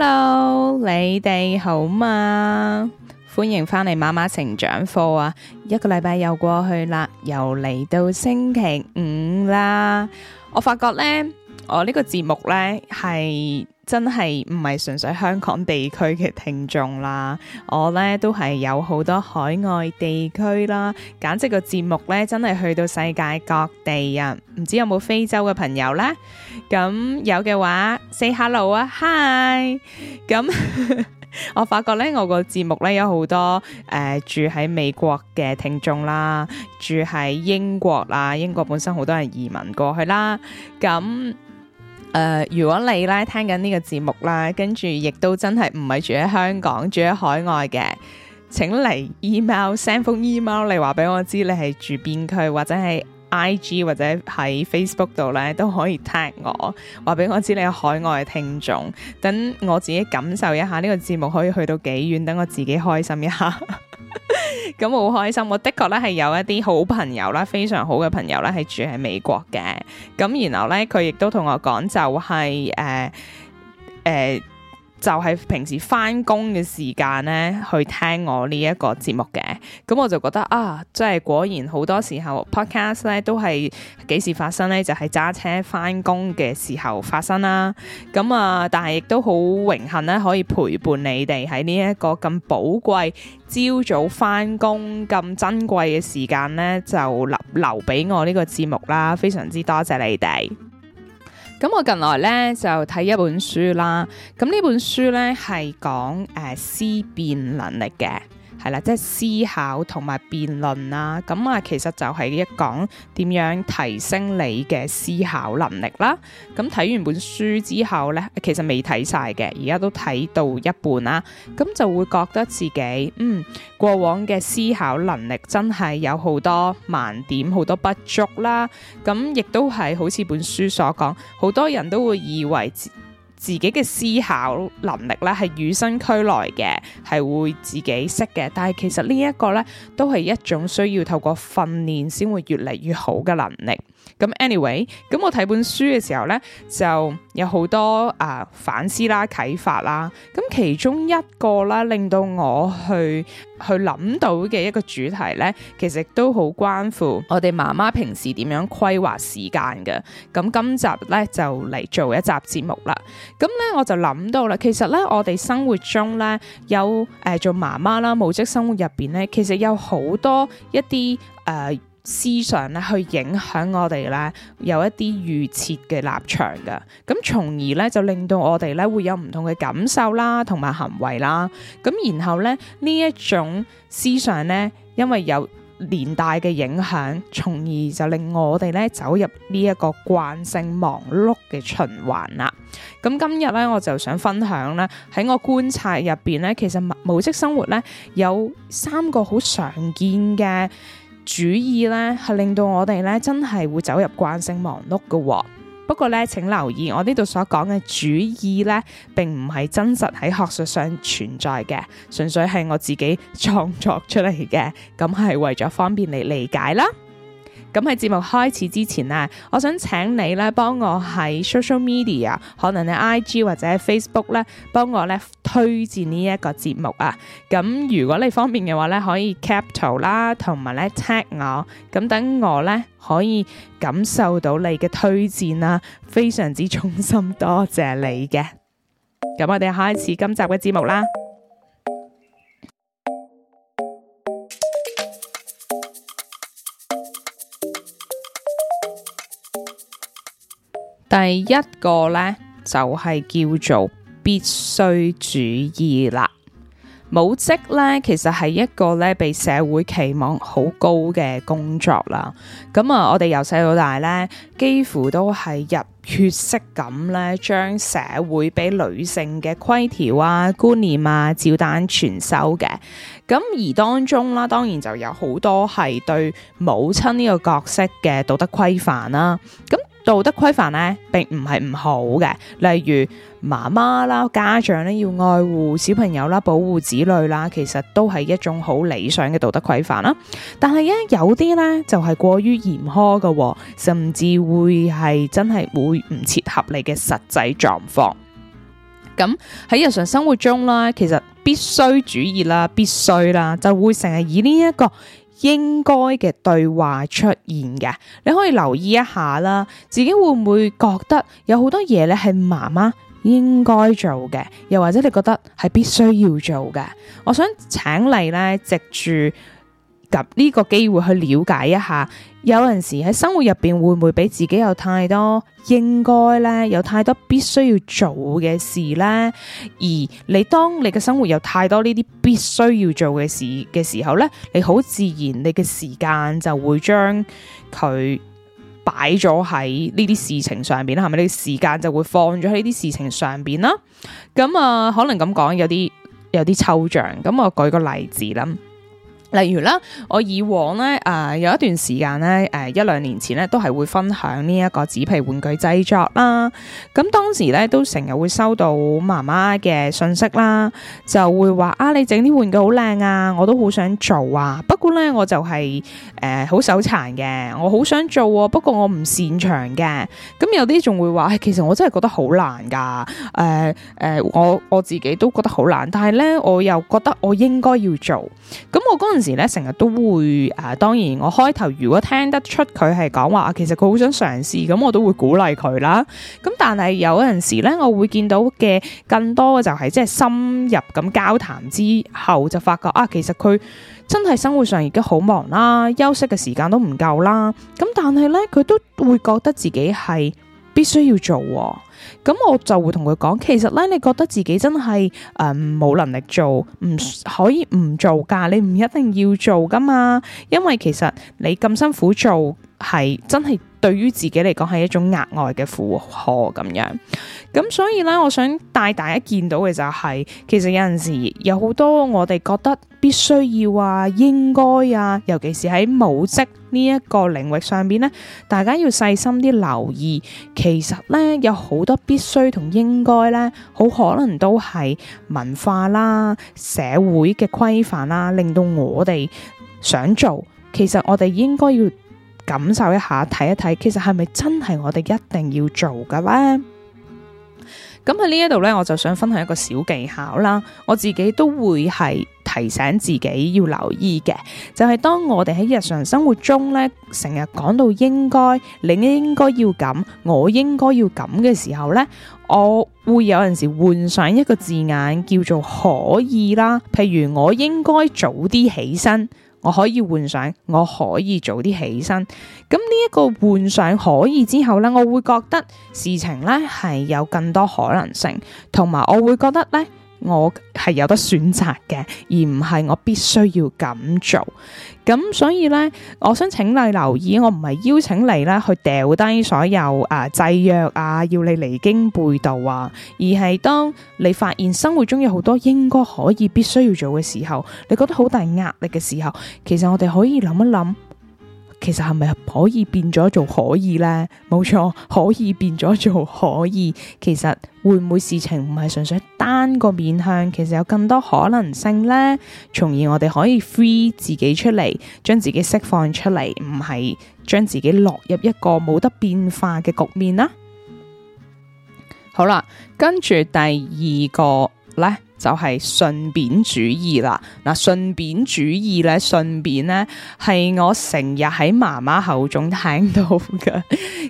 Hello，你哋好嘛？歡迎返嚟媽媽成長課啊！一個禮拜又過去啦，又嚟到星期五啦。我發覺呢。我呢個節目呢係真係唔係純粹香港地區嘅聽眾啦，我呢都係有好多海外地區啦，簡直個節目呢真係去到世界各地啊！唔知有冇非洲嘅朋友呢？咁有嘅話 Say hello 啊，Hi！咁我發覺呢，我個節目呢有好多誒住喺美國嘅聽眾啦，住喺英國啦，英國本身好多人移民過去啦，咁。誒，uh, 如果你咧聽緊呢個節目啦，跟住亦都真係唔係住喺香港，住喺海外嘅，請嚟 em email、send 封 email 你話俾我知你係住邊區，或者係 IG 或者喺 Facebook 度咧都可以 tag 我，話俾我知你係海外聽眾，等我自己感受一下呢個節目可以去到幾遠，等我自己開心一下。咁我好開心，我的確咧係有一啲好朋友啦，非常好嘅朋友咧係住喺美國嘅。咁然後咧佢亦都同我講、就是呃呃，就係誒誒，就係平時返工嘅時間咧去聽我呢一個節目嘅。咁我就覺得啊，真係果然好多時候 Podcast 咧都係幾時發生呢？就係、是、揸車翻工嘅時候發生啦。咁、嗯、啊，但係亦都好榮幸咧，可以陪伴你哋喺呢一個咁寶貴朝早翻工咁珍貴嘅時間咧，就留留俾我呢個節目啦。非常之多謝你哋。咁我近來咧就睇一本書啦。咁呢本書咧係講誒、呃、思辨能力嘅。係啦，即係思考同埋辯論啦，啊，咁、嗯、啊，其實就係一講點樣提升你嘅思考能力啦。咁、嗯、睇完本書之後呢，其實未睇晒嘅，而家都睇到一半啦，咁、嗯、就會覺得自己，嗯，過往嘅思考能力真係有好多盲點、好多不足啦。咁亦都係好似本書所講，好多人都會以為，自己嘅思考能力咧，係與生俱來嘅，係會自己識嘅。但係其實這呢一個咧，都係一種需要透過訓練先會越嚟越好嘅能力。咁 anyway，咁我睇本書嘅時候呢，就有好多啊、呃、反思啦、啟發啦。咁其中一個啦，令到我去去諗到嘅一個主題呢，其實都好關乎我哋媽媽平時點樣規劃時間嘅。咁今集呢，就嚟做一集節目啦。咁呢，我就諗到啦，其實呢，我哋生活中呢，有誒、呃、做媽媽啦、母職生活入邊呢，其實有好多一啲誒。呃思想咧，去影響我哋咧，有一啲預設嘅立場嘅，咁從而咧就令到我哋咧會有唔同嘅感受啦，同埋行為啦。咁然後咧呢一種思想咧，因為有連帶嘅影響，從而就令我哋咧走入呢一個慣性忙碌嘅循環啦。咁今日咧我就想分享咧喺我觀察入邊咧，其實母職生活咧有三個好常見嘅主義咧，係令到我哋咧真係會走入慣性忙碌噶、哦。不過咧，請留意我呢度所講嘅主義咧，並唔係真實喺學術上存在嘅，純粹係我自己創作出嚟嘅，咁係為咗方便你理解啦。咁喺節目開始之前啊，我想請你咧，幫我喺 social media，可能咧 IG 或者 Facebook 咧，幫我咧推薦呢一個節目啊。咁如果你方便嘅話咧，可以 capture 啦，同埋咧 tag 我，咁等我咧可以感受到你嘅推薦啦、啊，非常之衷心多謝你嘅。咁我哋開始今集嘅節目啦。第一個咧，就係、是、叫做必須主義啦，母職咧其實係一個咧被社會期望好高嘅工作啦。咁啊，我哋由細到大咧，幾乎都係入血色咁咧，將社會俾女性嘅規條啊、觀念啊，照單全收嘅。咁而當中啦，當然就有好多係對母親呢個角色嘅道德規範啦。咁道德規範呢並唔係唔好嘅，例如媽媽啦、家長咧要愛護小朋友啦、保護子女啦，其實都係一種好理想嘅道德規範啦。但係咧，有啲呢就係、是、過於嚴苛嘅，哦，甚至會係真係會唔切合你嘅實際狀況。咁、嗯、喺日常生活中啦，其實必須主義啦、必須啦，就會成日以呢、這、一個。應該嘅對話出現嘅，你可以留意一下啦。自己會唔會覺得有好多嘢咧係媽媽應該做嘅，又或者你覺得係必須要做嘅？我想請你咧，藉住。及呢個機會去了解一下，有陣時喺生活入邊會唔會俾自己有太多應該呢？有太多必須要做嘅事呢？而你當你嘅生活有太多呢啲必須要做嘅事嘅時候呢，你好自然，你嘅時間就會將佢擺咗喺呢啲事情上邊啦，係咪？你嘅時間就會放咗喺呢啲事情上邊啦。咁啊，呃，可能咁講有啲有啲抽象，咁我舉個例子啦。例如啦，我以往咧，誒、呃、有一段時間咧，誒、呃、一兩年前咧，都係會分享呢一個紙皮玩具製作啦。咁當時咧，都成日會收到媽媽嘅信息啦，就會話啊，你整啲玩具好靚啊，我都好想做啊。不過咧，我就係誒好手殘嘅，我好想做啊，不過我唔擅長嘅。咁有啲仲會話、欸、其實我真係覺得好難噶。誒、呃、誒、呃，我我自己都覺得好難，但係咧，我又覺得我應該要做。咁我嗰陣時咧成日都會誒、啊，當然我開頭如果聽得出佢係講話，其實佢好想嘗試，咁我都會鼓勵佢啦。咁、嗯、但係有陣時咧，我會見到嘅更多嘅就係即係深入咁交談之後，就發覺啊，其實佢真係生活上已經好忙啦，休息嘅時間都唔夠啦。咁、嗯、但係咧，佢都會覺得自己係。必須要做哦，咁我就會同佢講，其實咧，你覺得自己真係誒冇能力做，唔可以唔做噶，你唔一定要做噶嘛，因為其實你咁辛苦做。係真係對於自己嚟講係一種額外嘅負荷咁樣，咁所以咧，我想帶大家見到嘅就係，其實有陣時有好多我哋覺得必須要啊，應該啊，尤其是喺母職呢一個領域上邊呢，大家要細心啲留意。其實呢，有好多必須同應該呢，好可能都係文化啦、社會嘅規範啦，令到我哋想做，其實我哋應該要。感受一下，睇一睇，其實係咪真係我哋一定要做㗎呢？咁喺呢一度呢，我就想分享一個小技巧啦。我自己都會係提醒自己要留意嘅，就係當我哋喺日常生活中呢，成日講到應該，你應該要咁，我應該要咁嘅時候呢，我會有陣時換上一個字眼，叫做可以啦。譬如我應該早啲起身。我可以幻想，我可以早啲起身，咁呢一個幻想可以之後呢，我會覺得事情呢係有更多可能性，同埋我會覺得呢。我係有得選擇嘅，而唔係我必須要咁做。咁所以呢，我想請你留意，我唔係邀請你呢去掉低所有啊制約啊，要你離經背道啊，而係當你發現生活中有好多應該可以必須要做嘅時候，你覺得好大壓力嘅時候，其實我哋可以諗一諗。其實係咪可以變咗做可以呢？冇錯，可以變咗做可以。其實會唔會事情唔係純粹單個面向，其實有更多可能性呢？從而我哋可以 free 自己出嚟，將自己釋放出嚟，唔係將自己落入一個冇得變化嘅局面啦。好啦，跟住第二個咧。就係順便主義啦，嗱、啊、順便主義咧，順便咧係我成日喺媽媽口中聽到嘅。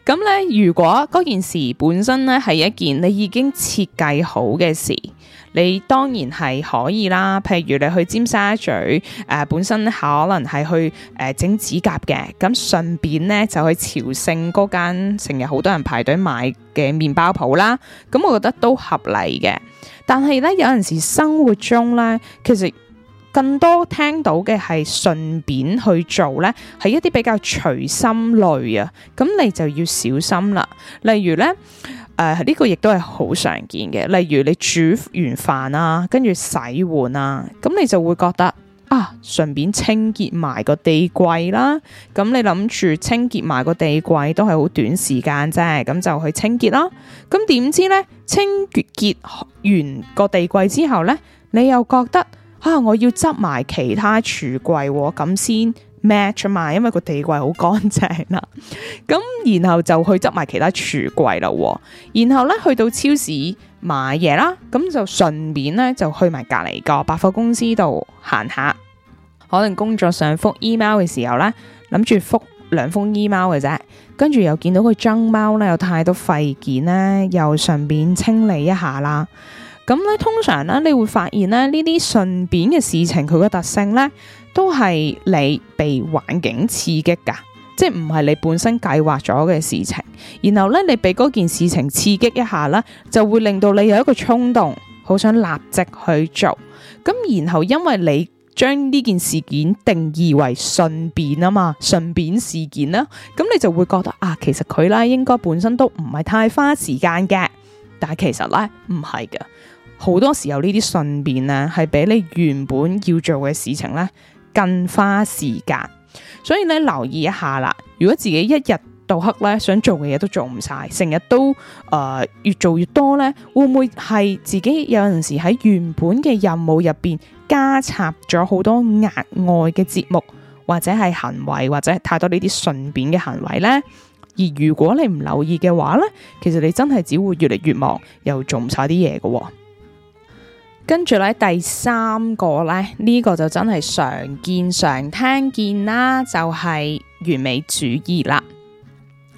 咁 咧，如果嗰件事本身咧係一件你已經設計好嘅事，你當然係可以啦。譬如你去尖沙咀，誒、呃、本身可能係去誒整、呃、指甲嘅，咁順便咧就去朝聖嗰間，成日好多人排隊買。嘅麵包店啦，咁我覺得都合理嘅。但係咧，有陣時生活中咧，其實更多聽到嘅係順便去做咧，係一啲比較隨心類啊，咁你就要小心啦。例如咧，誒、呃、呢、呢個亦都係好常見嘅。例如你煮完飯啊，跟住洗碗啊，咁你就會覺得。順便清潔埋個地櫃啦，咁你諗住清潔埋個地櫃都係好短時間啫，咁就去清潔啦。咁點知呢？清潔完個地櫃之後呢，你又覺得啊，我要執埋其他廚櫃喎，咁先 match 啊嘛，因為個地櫃好乾淨啦。咁 然後就去執埋其他廚櫃喎。然後呢，去到超市買嘢啦，咁就順便呢，就去埋隔離個百貨公司度行下。可能工作上覆 email 嘅時候呢，諗住覆兩封 email 嘅啫，跟住又見到佢張貓呢，有太多廢件呢，又順便清理一下啦。咁呢，通常呢，你會發現呢，呢啲順便嘅事情，佢個特性呢都係你被環境刺激噶，即係唔係你本身計劃咗嘅事情。然後呢，你被嗰件事情刺激一下呢，就會令到你有一個衝動，好想立即去做。咁然後因為你，將呢件事件定義為順便啊嘛，順便事件啦，咁你就會覺得啊，其實佢咧應該本身都唔係太花時間嘅，但係其實咧唔係㗎，好多時候這些順呢啲順便啊，係比你原本要做嘅事情咧更花時間，所以你留意一下啦，如果自己一日，到黑咧，想做嘅嘢都做唔晒，成日都誒、呃、越做越多呢，會唔會係自己有陣時喺原本嘅任務入邊加插咗好多額外嘅節目或者係行為或者係太多呢啲順便嘅行為呢？而如果你唔留意嘅話呢，其實你真係只會越嚟越忙，又做唔晒啲嘢嘅。跟住咧，第三個呢，呢、這個就真係常見常聽見啦，就係、是、完美主義啦。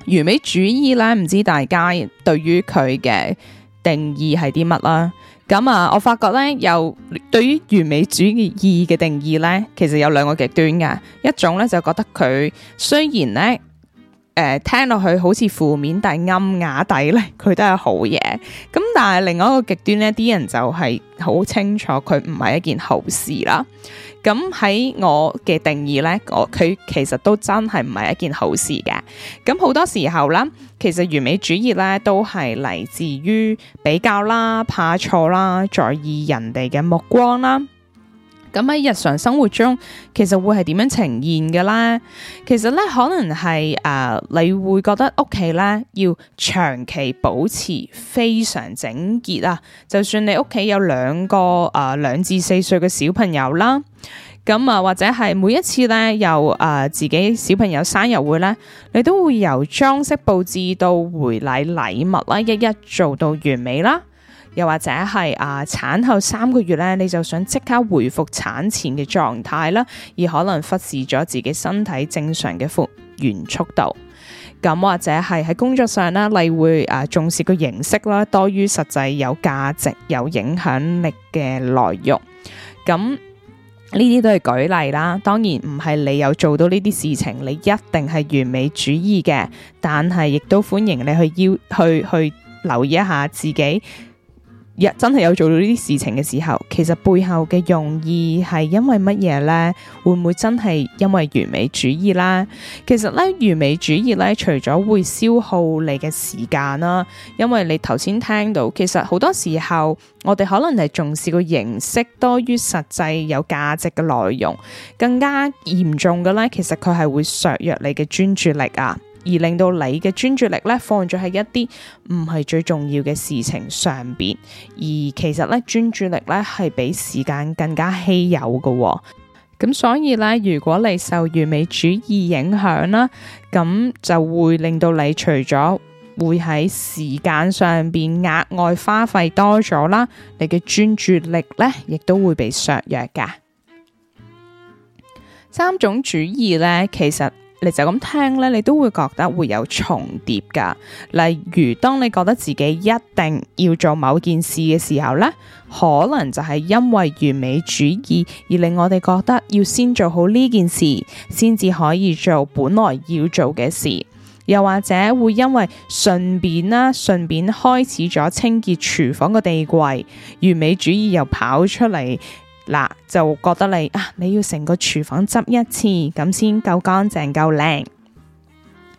完美主義呢，唔知大家對於佢嘅定義係啲乜啦？噉啊，我發覺呢，又對於完美主義嘅定義呢，其實有兩個極端嘅，一種呢，就覺得佢雖然呢。誒，聽落去好似負面，但係暗啞底咧，佢都係好嘢。咁但係另外一個極端咧，啲人就係好清楚佢唔係一件好事啦。咁喺我嘅定義咧，我佢其實都真係唔係一件好事嘅。咁好多時候啦，其實完美主義咧都係嚟自於比較啦、怕錯啦、在意人哋嘅目光啦。咁喺日常生活中，其實會係點樣呈現嘅啦？其實咧，可能係誒、呃，你會覺得屋企咧要長期保持非常整潔啊。就算你屋企有兩個誒兩、呃、至四歲嘅小朋友啦，咁、呃、啊或者係每一次咧由誒自己小朋友生日會咧，你都會由裝飾布置到回禮禮物啦，一一做到完美啦。又或者係啊，產後三個月呢，你就想即刻回復產前嘅狀態啦，而可能忽視咗自己身體正常嘅復原速度。咁、嗯、或者係喺工作上呢，你會啊重視個形式啦，多於實際有價值有影響力嘅內容。咁呢啲都係舉例啦，當然唔係你有做到呢啲事情，你一定係完美主義嘅，但係亦都歡迎你去要去去留意一下自己。真係有做到呢啲事情嘅時候，其實背後嘅用意係因為乜嘢呢？會唔會真係因為完美主義啦？其實呢，完美主義呢，除咗會消耗你嘅時間啦，啊，因為你頭先聽到，其實好多時候我哋可能係重視個形式多於實際有價值嘅內容，更加嚴重嘅呢，其實佢係會削弱你嘅專注力啊。而令到你嘅專注力咧，放咗喺一啲唔係最重要嘅事情上面，而其實咧，專注力咧係比時間更加稀有嘅哦。咁所以呢，如果你受完美主義影響啦，咁就會令到你除咗會喺時間上面額外花費多咗啦，你嘅專注力呢亦都會被削弱噶。三種主義呢，其實。你就咁聽咧，你都會覺得會有重疊㗎。例如，當你覺得自己一定要做某件事嘅時候咧，可能就係因為完美主義而令我哋覺得要先做好呢件事，先至可以做本來要做嘅事。又或者會因為順便啦，順便開始咗清潔廚房嘅地櫃，完美主義又跑出嚟。嗱，就覺得你啊，你要成個廚房執一次，咁先夠乾淨夠靚。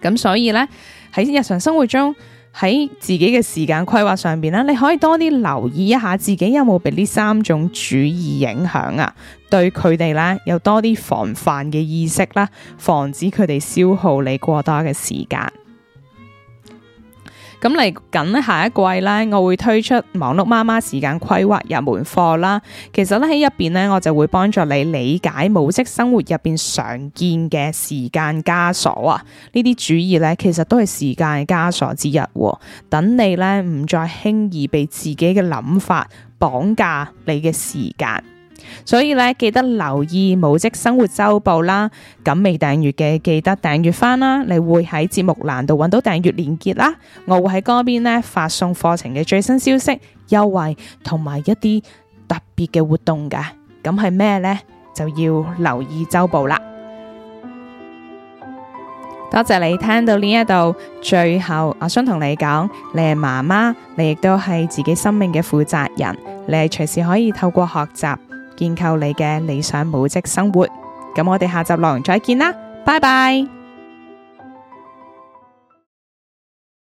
咁所以呢，喺日常生活中，喺自己嘅時間規劃上邊呢，你可以多啲留意一下自己有冇被呢三種主義影響啊，對佢哋咧有多啲防範嘅意識啦，防止佢哋消耗你過多嘅時間。咁嚟緊下一季咧，我會推出忙碌媽媽時間規劃入門課啦。其實咧喺入邊咧，我就會幫助你理解母職生活入邊常見嘅時間枷鎖啊。呢啲主義咧，其實都係時間枷鎖之一喎，等你咧唔再輕易被自己嘅諗法綁架你嘅時間。所以呢，記得留意《母職生活週報》啦。咁未訂閱嘅，記得訂閱翻啦。你會喺節目欄度揾到訂閱鏈結啦。我會喺嗰邊呢，發送課程嘅最新消息、優惠同埋一啲特別嘅活動㗎。咁係咩呢？就要留意週報啦。多謝你聽到呢一度，最後我想同你講，你係媽媽，你亦都係自己生命嘅負責人。你係隨時可以透過學習。建構你嘅理想母職生活，咁我哋下集內容再見啦，拜拜。